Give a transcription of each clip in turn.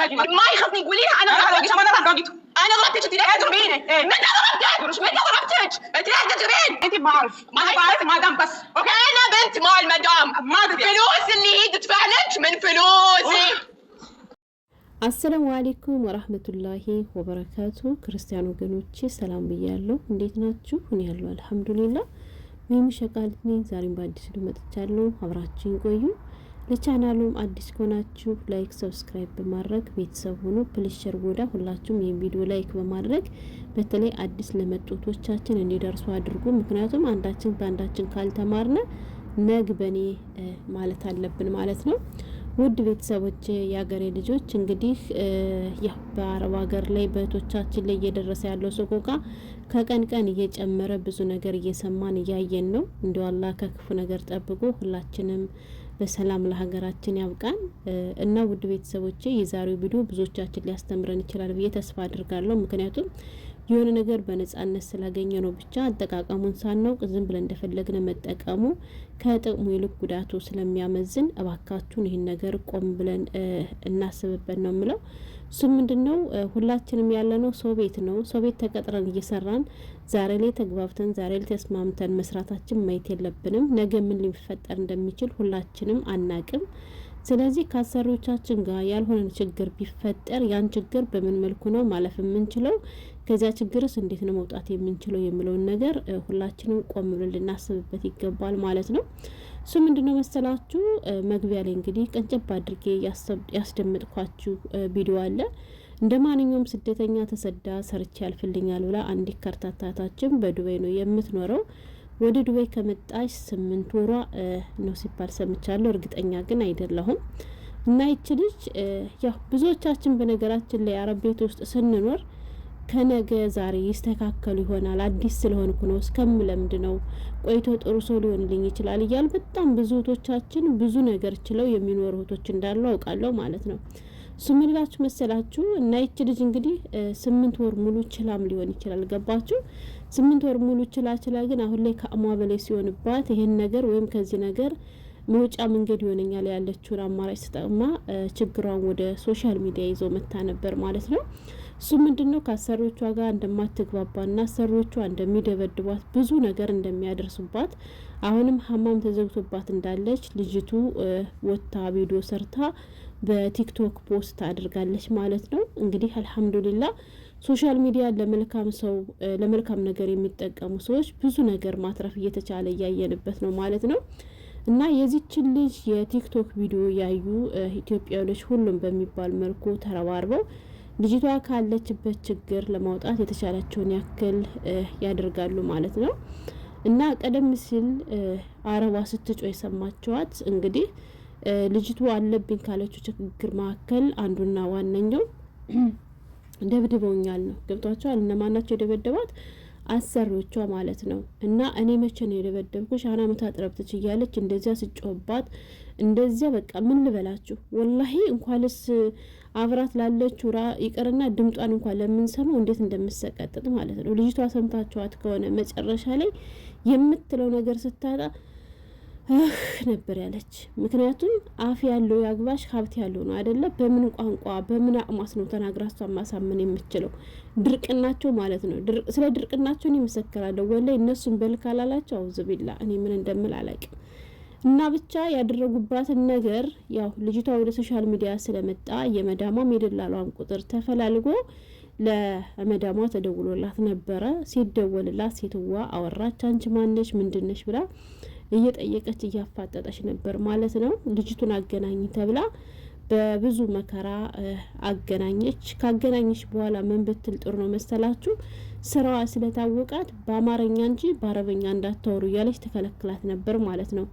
هادي ما يخصني قولي انا ضربتك انا ضربته انا ضربتك انت ليه تضربيني؟ ما إيه، إيه. ضربتك ما انت ضربتك انت ليه تضربين؟ انت ما اعرف ما اعرف بعرف مدام بس اوكي انا بنت مال مدام ما فلوس اللي هي تدفع لك من فلوسي السلام عليكم ورحمة الله وبركاته كريستيانو ሰላም سلام بيالو ናችሁ? እኔ ያለሁ الحمد لله ሸቃሊት ነኝ። زارين በአዲስ ቪዲዮ መጥቻለሁ። አብራችሁን ቆዩ። ለቻናሉም አዲስ ከሆናችሁ ላይክ፣ ሰብስክራይብ በማድረግ ቤተሰብ ሆኖ ፕሊሸር ጎዳ ሁላችሁም የቪዲዮ ላይክ በማድረግ በተለይ አዲስ ለመጡቶቻችን እንዲደርሱ አድርጉ። ምክንያቱም አንዳችን በአንዳችን ካልተማርነ ነግ በኔ ማለት አለብን ማለት ነው። ውድ ቤተሰቦች የሀገሬ ልጆች እንግዲህ በአረብ ሀገር ላይ በእህቶቻችን ላይ እየደረሰ ያለው ሰቆቃ ከቀን ቀን እየጨመረ ብዙ ነገር እየሰማን እያየን ነው። እንዲ አላህ ከክፉ ነገር ጠብቆ ሁላችንም በሰላም ለሀገራችን ያብቃን እና ውድ ቤተሰቦቼ የዛሬው ቪዲዮ ብዙዎቻችን ሊያስተምረን ይችላል ብዬ ተስፋ አድርጋለሁ። ምክንያቱም የሆነ ነገር በነጻነት ስላገኘ ነው ብቻ አጠቃቀሙን ሳናውቅ ዝም ብለን እንደፈለግን መጠቀሙ ከጥቅሙ ይልቅ ጉዳቱ ስለሚያመዝን እባካችሁን ይህን ነገር ቆም ብለን እናስብበት ነው የምለው። እሱም ምንድን ነው ሁላችንም ያለነው ሰው ቤት ነው። ሰው ቤት ተቀጥረን እየሰራን ዛሬ ላይ ተግባብተን ዛሬ ላይ ተስማምተን መስራታችን ማየት የለብንም። ነገ ምን ሊፈጠር እንደሚችል ሁላችንም አናቅም። ስለዚህ ከአሰሪዎቻችን ጋር ያልሆነ ችግር ቢፈጠር ያን ችግር በምን መልኩ ነው ማለፍ የምንችለው ከዚያ ችግርስ እንዴት ነው መውጣት የምንችለው የሚለውን ነገር ሁላችንም ቆም ብለን ልናስብበት ይገባል ማለት ነው። እሱ ነው መሰላችሁ መግቢያ ላይ እንግዲህ ቀንጨብ አድርጌ ያስደምጥኳችሁ ቪዲዮ አለ። እንደ ማንኛውም ስደተኛ ተሰዳ ሰርች ያልፍልኛል ብላ አንዲት ከርታታታችን በዱባይ ነው የምትኖረው። ወደ ዱባይ ከመጣች ስምንት ወሯ ነው ሲባል ሰምቻለሁ። እርግጠኛ ግን አይደለሁም። እና ይች ልጅ ያው ብዙዎቻችን በነገራችን ላይ አረብ ቤት ውስጥ ስንኖር ከነገ ዛሬ ይስተካከሉ ይሆናል። አዲስ ስለሆንኩ ነው፣ እስከምለምድ ነው፣ ቆይቶ ጥሩ ሰው ሊሆንልኝ ይችላል እያል በጣም ብዙ እህቶቻችን ብዙ ነገር ችለው የሚኖሩ እህቶች እንዳሉ አውቃለሁ ማለት ነው። ስምላችሁ መሰላችሁ እና ይቺ ልጅ እንግዲህ ስምንት ወር ሙሉ ችላም ሊሆን ይችላል። ገባችሁ? ስምንት ወር ሙሉ ችላ ችላ፣ ግን አሁን ላይ ከአሟ በላይ ሲሆንባት ይሄን ነገር ወይም ከዚህ ነገር መውጫ መንገድ ይሆነኛል ያለችውን አማራጭ ተጠቅማ ችግሯን ወደ ሶሻል ሚዲያ ይዞ መታ ነበር ማለት ነው። እሱ ምንድን ነው ከአሰሪዎቿ ጋር እንደማትግባባና አሰሪዎቿ እንደሚደበድቧት ብዙ ነገር እንደሚያደርሱባት አሁንም ሀማም ተዘግቶባት እንዳለች ልጅቱ ወታ ቪዲዮ ሰርታ በቲክቶክ ፖስት አድርጋለች ማለት ነው። እንግዲህ አልሐምዱሊላ ሶሻል ሚዲያ ለመልካም ሰው ለመልካም ነገር የሚጠቀሙ ሰዎች ብዙ ነገር ማትረፍ እየተቻለ እያየንበት ነው ማለት ነው። እና የዚችን ልጅ የቲክቶክ ቪዲዮ ያዩ ኢትዮጵያውያኖች ሁሉም በሚባል መልኩ ተረባርበው ልጅቷ ካለችበት ችግር ለማውጣት የተቻላቸውን ያክል ያደርጋሉ ማለት ነው። እና ቀደም ሲል አረቧ ስትጮ የሰማችኋት እንግዲህ ልጅቱ አለብኝ ካለችው ችግር መካከል አንዱና ዋነኛው ደብድበውኛል ነው። ገብቷቸዋል። እነማናቸው የደበደባት? አሰሪዎቿ ማለት ነው። እና እኔ መቼ ነው የደበደብኩሽ? ሻና መታጥረብ እያለች እንደዚያ ስጮባት እንደዚያ በቃ ምን ልበላችሁ ወላሂ እንኳንስ አብራት ላለችው ይቅርና ድምጧን እንኳን ለምንሰማው እንዴት እንደምሰቀጥጥ ማለት ነው። ልጅቷ ሰምታችኋት ከሆነ መጨረሻ ላይ የምትለው ነገር ስታጣ ነበር ያለች። ምክንያቱም አፍ ያለው ያግባሽ ሀብት ያለው ነው አይደለ? በምን ቋንቋ በምን አቅሟስ ነው ተናግራ እሷን ማሳመን የምችለው? ድርቅናቸው ማለት ነው። ስለ ድርቅናቸው እኔ እመሰክራለሁ። እነሱን በልካላላቸው አውዝቢላ እኔ ምን እንደምል አላውቅም። እና ብቻ ያደረጉባትን ነገር ያው ልጅቷ ወደ ሶሻል ሚዲያ ስለመጣ የመዳሟም የደላሏን ቁጥር ተፈላልጎ ለመዳሟ ተደውሎላት ነበረ። ሲደወልላት ሴትዋ አወራች። አንቺ ማነች ምንድነሽ ብላ እየጠየቀች እያፋጠጠች ነበር ማለት ነው። ልጅቱን አገናኝ ተብላ በብዙ መከራ አገናኘች። ካገናኘች በኋላ ምን ብትል ጥሩ ነው መሰላችሁ? ስራዋ ስለታወቃት በአማርኛ እንጂ በአረበኛ እንዳታወሩ እያለች ተከለክላት ነበር ማለት ነው።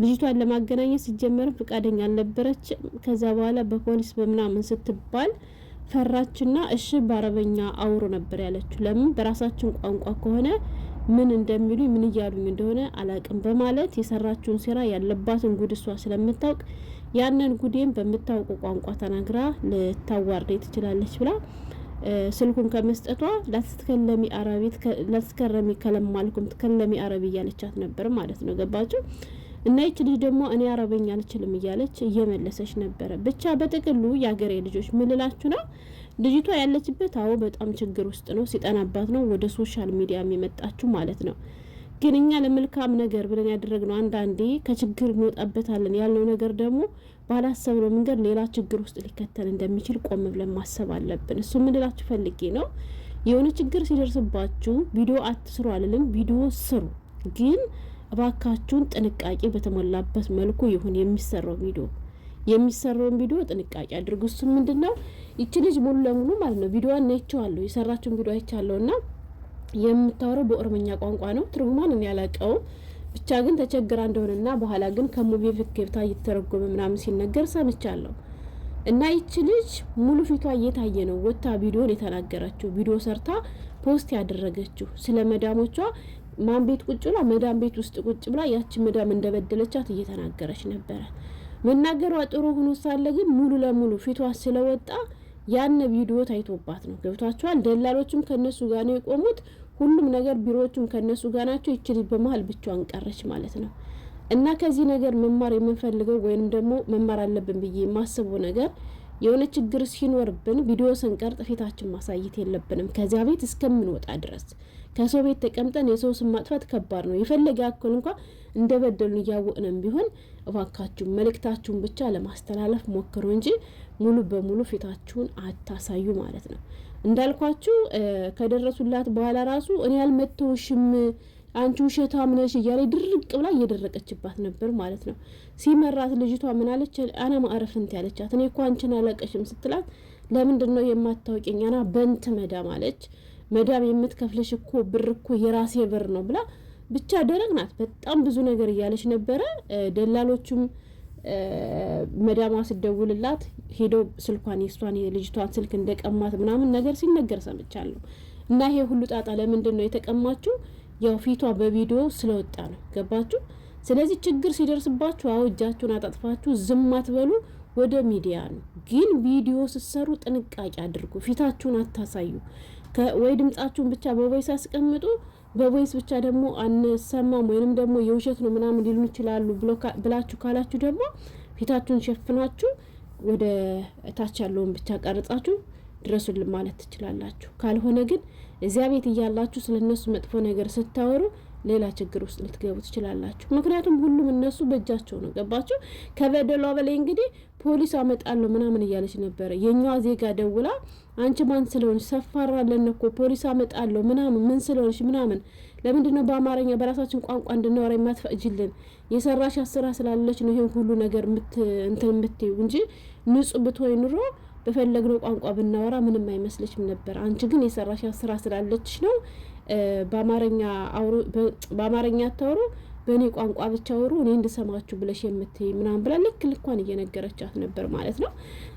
ልጅቷን ለማገናኘት ሲጀመርም ፍቃደኛ አልነበረች። ከዛ በኋላ በፖሊስ በምናምን ስትባል ፈራችና እሺ በአረበኛ አውሮ ነበር ያለችው። ለምን በራሳችን ቋንቋ ከሆነ ምን እንደሚሉኝ ምን እያሉኝ እንደሆነ አላቅም በማለት የሰራችውን ስራ ያለባትን ጉድ እሷ ስለምታውቅ ያንን ጉዴን በምታውቁ ቋንቋ ተናግራ ልታዋርደ ትችላለች ብላ ስልኩን ከመስጠቷ ላትትከለሚ አረቢት ላትትከረሚ ከለማልኩም ትከለሚ አረቢ እያለቻት ነበር ማለት ነው። ገባችሁ? እና ይች ልጅ ደግሞ እኔ አረበኛ አልችልም እያለች እየመለሰች ነበረ። ብቻ በጥቅሉ የአገሬ ልጆች ምልላችሁ ነው ልጅቷ ያለችበት አዎ በጣም ችግር ውስጥ ነው። ሲጠናባት ነው ወደ ሶሻል ሚዲያ የሚመጣችሁ ማለት ነው። ግን እኛ ለመልካም ነገር ብለን ያደረግነው አንዳንዴ ከችግር እንወጣበታለን ያልነው ነገር ደግሞ ባላሰብነው መንገድ ሌላ ችግር ውስጥ ሊከተል እንደሚችል ቆም ብለን ማሰብ አለብን። እሱ ምንላችሁ ፈልጌ ነው። የሆነ ችግር ሲደርስባችሁ ቪዲዮ አትስሩ አልልም፣ ቪዲዮ ስሩ ግን እባካችሁን ጥንቃቄ በተሞላበት መልኩ ይሁን የሚሰራው ቪዲዮ የሚሰራውን ቪዲዮ ጥንቃቄ አድርጉ። እሱ ምንድን ነው ይቺ ልጅ ሙሉ ለሙሉ ማለት ነው ቪዲዮዋን አይቼዋለሁ፣ የሰራችውን ቪዲዮ አይቻለሁ እና የምታወራው በኦሮምኛ ቋንቋ ነው። ትርጉሟን እኔ አላውቀውም፣ ብቻ ግን ተቸግራ እንደሆነና በኋላ ግን ከሙቪ ፊት ገብታ ምናምን ሲነገር ሰምቻለሁ። እና ይቺ ልጅ ሙሉ ፊቷ እየታየ ነው ወታ ቪዲዮን የተናገረችው ቪዲዮ ሰርታ ፖስት ያደረገችው ስለ መዳሞቿ ማን ቤት ቁጭ ብላ መዳም ቤት ውስጥ ቁጭ ብላ ያችን መዳም እንደበደለቻት እየተናገረች ነበረ። መናገሯ ጥሩ ሆኖ ሳለ ግን ሙሉ ለሙሉ ፊቷ ስለወጣ ያን ቪዲዮ ታይቶባት ነው። ገብቷቸዋል። ደላሎችም ከነሱ ጋር ነው የቆሙት። ሁሉም ነገር ቢሮዎቹም ከነሱ ጋር ናቸው። ይችል በመሀል ብቻዋን ቀረች ማለት ነው። እና ከዚህ ነገር መማር የምንፈልገው ወይም ደግሞ መማር አለብን ብዬ የማስበው ነገር የሆነ ችግር ሲኖርብን ቪዲዮ ስንቀርጥ ፊታችን ማሳየት የለብንም ከዚያ ቤት እስከምንወጣ ድረስ ከሰው ቤት ተቀምጠን የሰው ስም ማጥፋት ከባድ ነው። የፈለገ ያክል እንኳ እንደ እንደበደሉን እያወቅንም ቢሆን እባካችሁን መልእክታችሁን ብቻ ለማስተላለፍ ሞክሩ እንጂ ሙሉ በሙሉ ፊታችሁን አታሳዩ ማለት ነው። እንዳልኳችሁ ከደረሱላት በኋላ ራሱ እኔ ያልመተውሽም አንቺ ውሸታም ነሽ እያለ ድርቅ ብላ እየደረቀችባት ነበር ማለት ነው። ሲመራት ልጅቷ ምናለች? አነ ማዕረፍንት ያለቻት እኔ እኮ አንቺን አላቀሽም ስትላት ለምንድን ነው የማታውቂኝ? አና በንት መዳ ማለች። መዳም የምትከፍለሽ እኮ ብር እኮ የራሴ ብር ነው ብላ ብቻ ደረቅ ናት። በጣም ብዙ ነገር እያለች ነበረ። ደላሎቹም መዳማ ስደውልላት ሄደው ስልኳን የእሷን የልጅቷን ስልክ እንደቀማት ምናምን ነገር ሲነገር ሰምቻለሁ። እና ይሄ ሁሉ ጣጣ ለምንድን ነው የተቀማችው? ያው ፊቷ በቪዲዮ ስለወጣ ነው። ገባችሁ? ስለዚህ ችግር ሲደርስባችሁ አዎ እጃችሁን አጣጥፋችሁ ዝም አትበሉ። ወደ ሚዲያ ነው ግን ቪዲዮ ስትሰሩ ጥንቃቄ አድርጉ። ፊታችሁን አታሳዩ። ወይ ድምጻችሁን ብቻ በቮይስ አስቀምጡ በቮይስ ብቻ ደግሞ አንሰማም ወይንም ደግሞ የውሸት ነው ምናምን ሊሉን ይችላሉ ብላችሁ ካላችሁ ደግሞ ፊታችሁን ሸፍናችሁ ወደ እታች ያለውን ብቻ ቀርጻችሁ ድረሱልን ማለት ትችላላችሁ። ካልሆነ ግን እዚያ ቤት እያላችሁ ስለነሱ መጥፎ ነገር ስታወሩ ሌላ ችግር ውስጥ ልትገቡ ትችላላችሁ። ምክንያቱም ሁሉም እነሱ በእጃቸው ነው። ገባችሁ? ከበደሏ በላይ እንግዲህ ፖሊስ አመጣለሁ ምናምን እያለች ነበረ። የኛዋ ዜጋ ደውላ አንቺ ማን ስለሆንሽ ሰፋራ ለነኮ ፖሊስ አመጣለሁ ምናምን ምን ስለሆንሽ ምናምን ለምንድን ነው በአማርኛ በራሳችን ቋንቋ እንድናወራ የማትፈቅጂልን? የሰራሽ አስራ ስላለች ነው ይህን ሁሉ ነገር እንትን የምትይው እንጂ ንጹሕ ብትሆይ ኑሮ በፈለግነው ቋንቋ ብናወራ ምንም አይመስለችም ነበር። አንቺ ግን የሰራሽ ስራ ስላለች ነው በአማርኛ አታውሩ፣ በእኔ ቋንቋ ብቻ አውሩ፣ እኔ እንድሰማችሁ ብለሽ የምትይ ምናምን ብላ ልክ ልኳን እየነገረቻት ነበር ማለት ነው።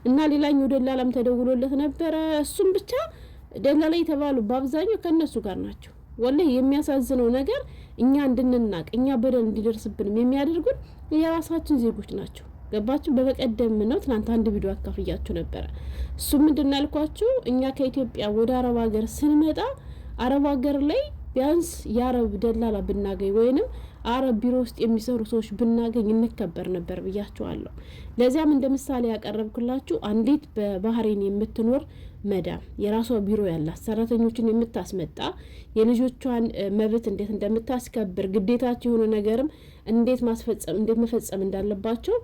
እና ሌላኛው ደላላም ተደውሎለት ነበረ። እሱም ብቻ ደላላ የተባሉ በአብዛኛው ከእነሱ ጋር ናቸው። ወላሂ የሚያሳዝነው ነገር እኛ እንድንናቅ እኛ በደል እንዲደርስብንም የሚያደርጉን የራሳችን ዜጎች ናቸው። ገባችሁ? በበቀደም ነው ትናንት አንድ ቪዲዮ አካፍያችሁ ነበረ። እሱ ምንድን ያልኳችሁ እኛ ከኢትዮጵያ ወደ አረብ ሀገር ስንመጣ አረብ ሀገር ላይ ቢያንስ የአረብ ደላላ ብናገኝ ወይንም አረብ ቢሮ ውስጥ የሚሰሩ ሰዎች ብናገኝ እንከበር ነበር ብያቸዋለሁ። ለዚያም እንደ ምሳሌ ያቀረብኩላችሁ አንዲት በባህሬን የምትኖር መዳም የራሷ ቢሮ ያላት ሰራተኞችን የምታስመጣ የልጆቿን መብት እንዴት እንደምታስከብር ግዴታቸው የሆኑ ነገርም እንዴት ማስፈጸም እንዴት መፈጸም እንዳለባቸው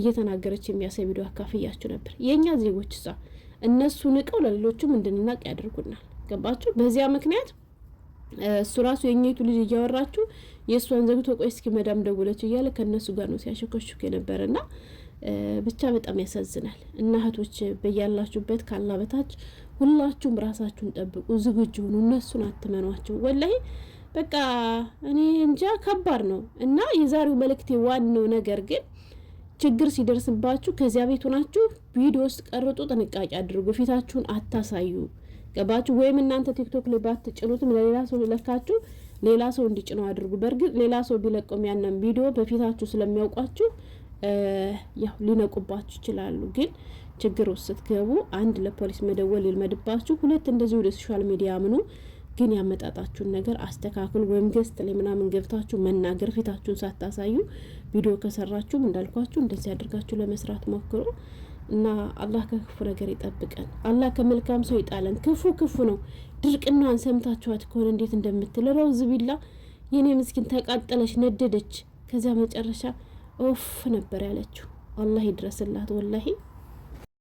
እየተናገረች የሚያሳይ ቪዲዮ አካፍያችሁ ነበር። የእኛ ዜጎች እሳ እነሱ ንቀው ለሌሎቹም እንድንናቅ ያደርጉናል። ገባችሁ? በዚያ ምክንያት እሱ ራሱ የእኛይቱ ልጅ እያወራችሁ የእሷን ዘግቶ ቆይ እስኪ መዳም ደውለች እያለ ከእነሱ ጋር ነው ሲያሸከሽኩ የነበረ እና ብቻ በጣም ያሳዝናል። እና እህቶች በያላችሁበት ካላ በታች ሁላችሁም ራሳችሁን ጠብቁ፣ ዝግጁ ሁኑ፣ እነሱን አትመኗቸው። ወላሂ በቃ እኔ እንጃ ከባድ ነው እና የዛሬው መልእክቴ ዋናው ነገር ግን ችግር ሲደርስባችሁ ከዚያ ቤቱ ናችሁ ቪዲዮ ውስጥ ቀርጡ፣ ጥንቃቄ አድርጉ፣ ፊታችሁን አታሳዩ። ገባችሁ ወይም እናንተ ቲክቶክ ላይ ባትጭኑትም ለሌላ ሰው ለካችሁ ሌላ ሰው እንዲጭነው አድርጉ። በእርግጥ ሌላ ሰው ቢለቀም ያንን ቪዲዮ በፊታችሁ ስለሚያውቋችሁ ያው ሊነቁባችሁ ይችላሉ። ግን ችግር ውስጥ ስትገቡ አንድ ለፖሊስ መደወል ይልመድባችሁ፣ ሁለት እንደዚህ ወደ ሶሻል ሚዲያ ምኑ ግን ያመጣጣችሁን ነገር አስተካክሉ። ወይም ገስት ላይ ምናምን ገብታችሁ መናገር ፊታችሁን ሳታሳዩ ቪዲዮ ከሰራችሁም እንዳልኳችሁ እንደዚህ አድርጋችሁ ለመስራት ሞክሩ። እና አላህ ከክፉ ነገር ይጠብቀን። አላህ ከመልካም ሰው ይጣለን። ክፉ ክፉ ነው። ድርቅናዋን ሰምታችኋት ከሆነ እንዴት እንደምትል ረውዝ ቢላ የኔ ምስኪን ተቃጠለች፣ ነደደች። ከዚያ መጨረሻ ኦፍ ነበር ያለችው። አላህ ይድረስላት ወላሄ